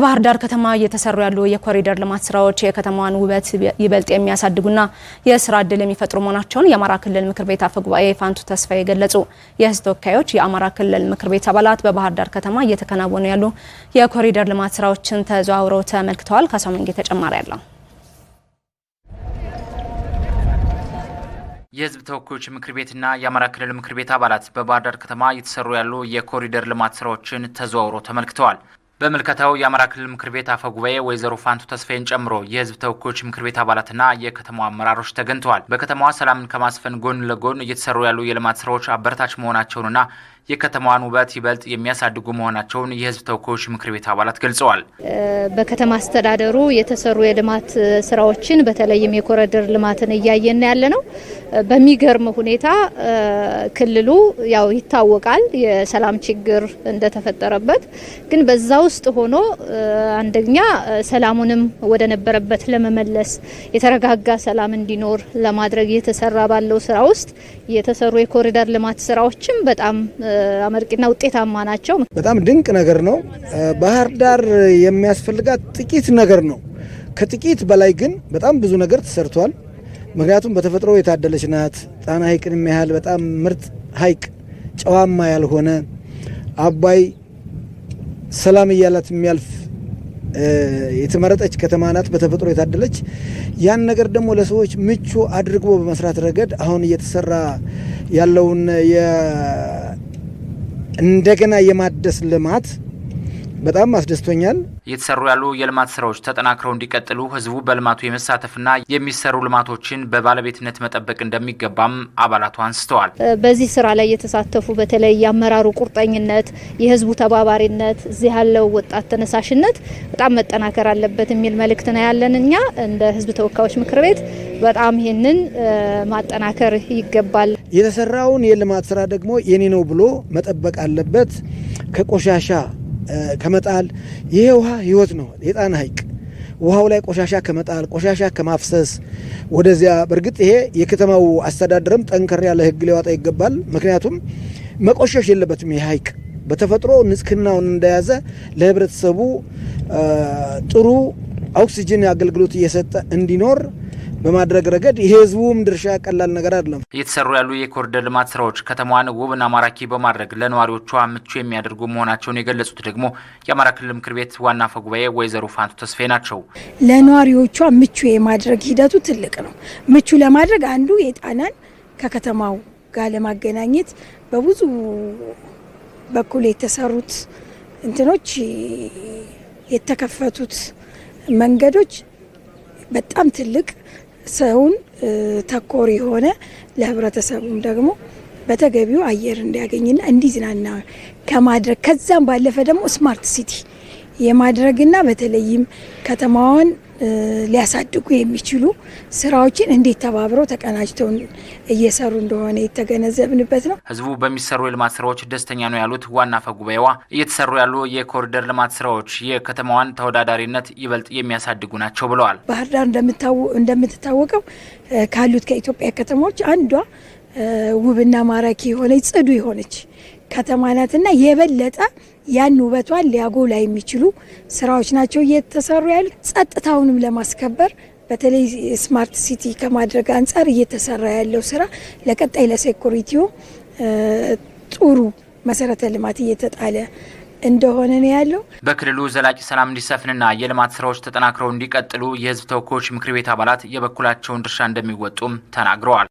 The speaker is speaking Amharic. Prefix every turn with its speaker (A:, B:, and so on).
A: በባህር ዳር ከተማ እየተሰሩ ያሉ የኮሪደር ልማት ስራዎች የከተማዋን ውበት ይበልጥ የሚያሳድጉና የስራ እድል የሚፈጥሩ መሆናቸውን የአማራ ክልል ምክር ቤት አፈ ጉባኤ ፋንቱ ተስፋዬ ገለጹ። የህዝብ ተወካዮች የአማራ ክልል ምክር ቤት አባላት በባህር ዳር ከተማ እየተከናወኑ ያሉ የኮሪደር ልማት ስራዎችን ተዘዋውረው ተመልክተዋል። ከሰሙንጌ ተጨማሪ አለው።
B: የህዝብ ተወካዮች ምክር ቤትና የአማራ ክልል ምክር ቤት አባላት በባህር ዳር ከተማ እየተሰሩ ያሉ የኮሪደር ልማት ስራዎችን ተዘዋውረው ተመልክተዋል። በምልከታው የአማራ ክልል ምክር ቤት አፈ ጉባኤ ወይዘሮ ፋንቱ ተስፋዬን ጨምሮ የህዝብ ተወካዮች ምክር ቤት አባላትና የከተማዋ አመራሮች ተገኝተዋል። በከተማዋ ሰላምን ከማስፈን ጎን ለጎን እየተሰሩ ያሉ የልማት ስራዎች አበረታች መሆናቸውንና የከተማዋን ውበት ይበልጥ የሚያሳድጉ መሆናቸውን የህዝብ ተወካዮች ምክር ቤት አባላት ገልጸዋል።
C: በከተማ አስተዳደሩ የተሰሩ የልማት ስራዎችን በተለይም የኮሪደር ልማትን እያየን ያለ ነው። በሚገርም ሁኔታ ክልሉ ያው ይታወቃል የሰላም ችግር እንደተፈጠረበት፣ ግን በዛ ውስጥ ሆኖ አንደኛ ሰላሙንም ወደ ነበረበት ለመመለስ የተረጋጋ ሰላም እንዲኖር ለማድረግ እየተሰራ ባለው ስራ ውስጥ የተሰሩ የኮሪደር ልማት ስራዎችም በጣም አመርቂና ውጤታማ ናቸው።
D: በጣም ድንቅ ነገር ነው። ባህር ዳር የሚያስፈልጋት ጥቂት ነገር ነው። ከጥቂት በላይ ግን በጣም ብዙ ነገር ተሰርቷል። ምክንያቱም በተፈጥሮ የታደለች ናት። ጣና ሐይቅን የሚያህል በጣም ምርጥ ሐይቅ ጨዋማ ያልሆነ አባይ ሰላም እያላት የሚያልፍ የተመረጠች ከተማ ናት፣ በተፈጥሮ የታደለች። ያን ነገር ደግሞ ለሰዎች ምቹ አድርጎ በመስራት ረገድ አሁን እየተሰራ ያለውን እንደገና የማደስ ልማት በጣም አስደስቶኛል።
B: እየተሰሩ ያሉ የልማት ስራዎች ተጠናክረው እንዲቀጥሉ ህዝቡ በልማቱ የመሳተፍና የሚሰሩ ልማቶችን በባለቤትነት መጠበቅ እንደሚገባም አባላቱ አንስተዋል።
C: በዚህ ስራ ላይ የተሳተፉ በተለይ የአመራሩ ቁርጠኝነት፣ የህዝቡ ተባባሪነት፣ እዚህ ያለው ወጣት ተነሳሽነት በጣም መጠናከር አለበት የሚል መልእክት ነው ያለን። እኛ እንደ ህዝብ ተወካዮች ምክር ቤት በጣም ይህንን ማጠናከር ይገባል።
D: የተሰራውን የልማት ስራ ደግሞ የኔ ነው ብሎ መጠበቅ አለበት ከቆሻሻ ከመጣል ይሄ ውሃ ህይወት ነው። የጣና ሀይቅ ውሃው ላይ ቆሻሻ ከመጣል ቆሻሻ ከማፍሰስ ወደዚያ በእርግጥ ይሄ የከተማው አስተዳደርም ጠንከር ያለ ህግ ሊዋጣ ይገባል። ምክንያቱም መቆሸሽ የለበትም ይህ ሀይቅ በተፈጥሮ ንጽህናውን እንደያዘ ለህብረተሰቡ ጥሩ ኦክሲጅን አገልግሎት እየሰጠ እንዲኖር በማድረግ ረገድ የህዝቡም ድርሻ ቀላል ነገር አይደለም።
B: እየተሰሩ ያሉ የኮሪደር ልማት ስራዎች ከተማዋን ውብና ማራኪ በማድረግ ለነዋሪዎቿ ምቹ የሚያደርጉ መሆናቸውን የገለጹት ደግሞ የአማራ ክልል ምክር ቤት ዋና አፈ ጉባኤ ወይዘሮ ፋንቱ ተስፌ ናቸው።
E: ለነዋሪዎቿ ምቹ የማድረግ ሂደቱ ትልቅ ነው። ምቹ ለማድረግ አንዱ የጣናን ከከተማው ጋር ለማገናኘት በብዙ በኩል የተሰሩት እንትኖች የተከፈቱት መንገዶች በጣም ትልቅ ሰውን ተኮር የሆነ ለህብረተሰቡም ደግሞ በተገቢው አየር እንዲያገኝና እንዲዝናና ከማድረግ ከዛም ባለፈ ደግሞ ስማርት ሲቲ የማድረግና በተለይም ከተማዋን ሊያሳድጉ የሚችሉ ስራዎችን እንዴት ተባብረው ተቀናጅተው እየሰሩ እንደሆነ የተገነዘብንበት ነው።
B: ህዝቡ በሚሰሩ የልማት ስራዎች ደስተኛ ነው ያሉት ዋና አፈ ጉባኤዋ፣ እየተሰሩ ያሉ የኮሪደር ልማት ስራዎች የከተማዋን ተወዳዳሪነት ይበልጥ የሚያሳድጉ ናቸው ብለዋል።
E: ባህር ዳር እንደምትታወቀው ካሉት ከኢትዮጵያ ከተሞች አንዷ ውብና ማራኪ የሆነች ጽዱ የሆነች ከተማ እና የበለጠ ያን ውበቷን ሊያጎላ የሚችሉ ስራዎች ናቸው እየተሰሩ ያሉ። ጸጥታውንም ለማስከበር በተለይ ስማርት ሲቲ ከማድረግ አንጻር እየተሰራ ያለው ስራ ለቀጣይ ለሴኩሪቲው ጥሩ መሰረተ ልማት እየተጣለ እንደሆነ ነው ያለው።
B: በክልሉ ዘላቂ ሰላም እንዲሰፍንና የልማት ስራዎች ተጠናክረው እንዲቀጥሉ የህዝብ ተወካዮች ምክር ቤት አባላት የበኩላቸውን ድርሻ እንደሚወጡም ተናግረዋል።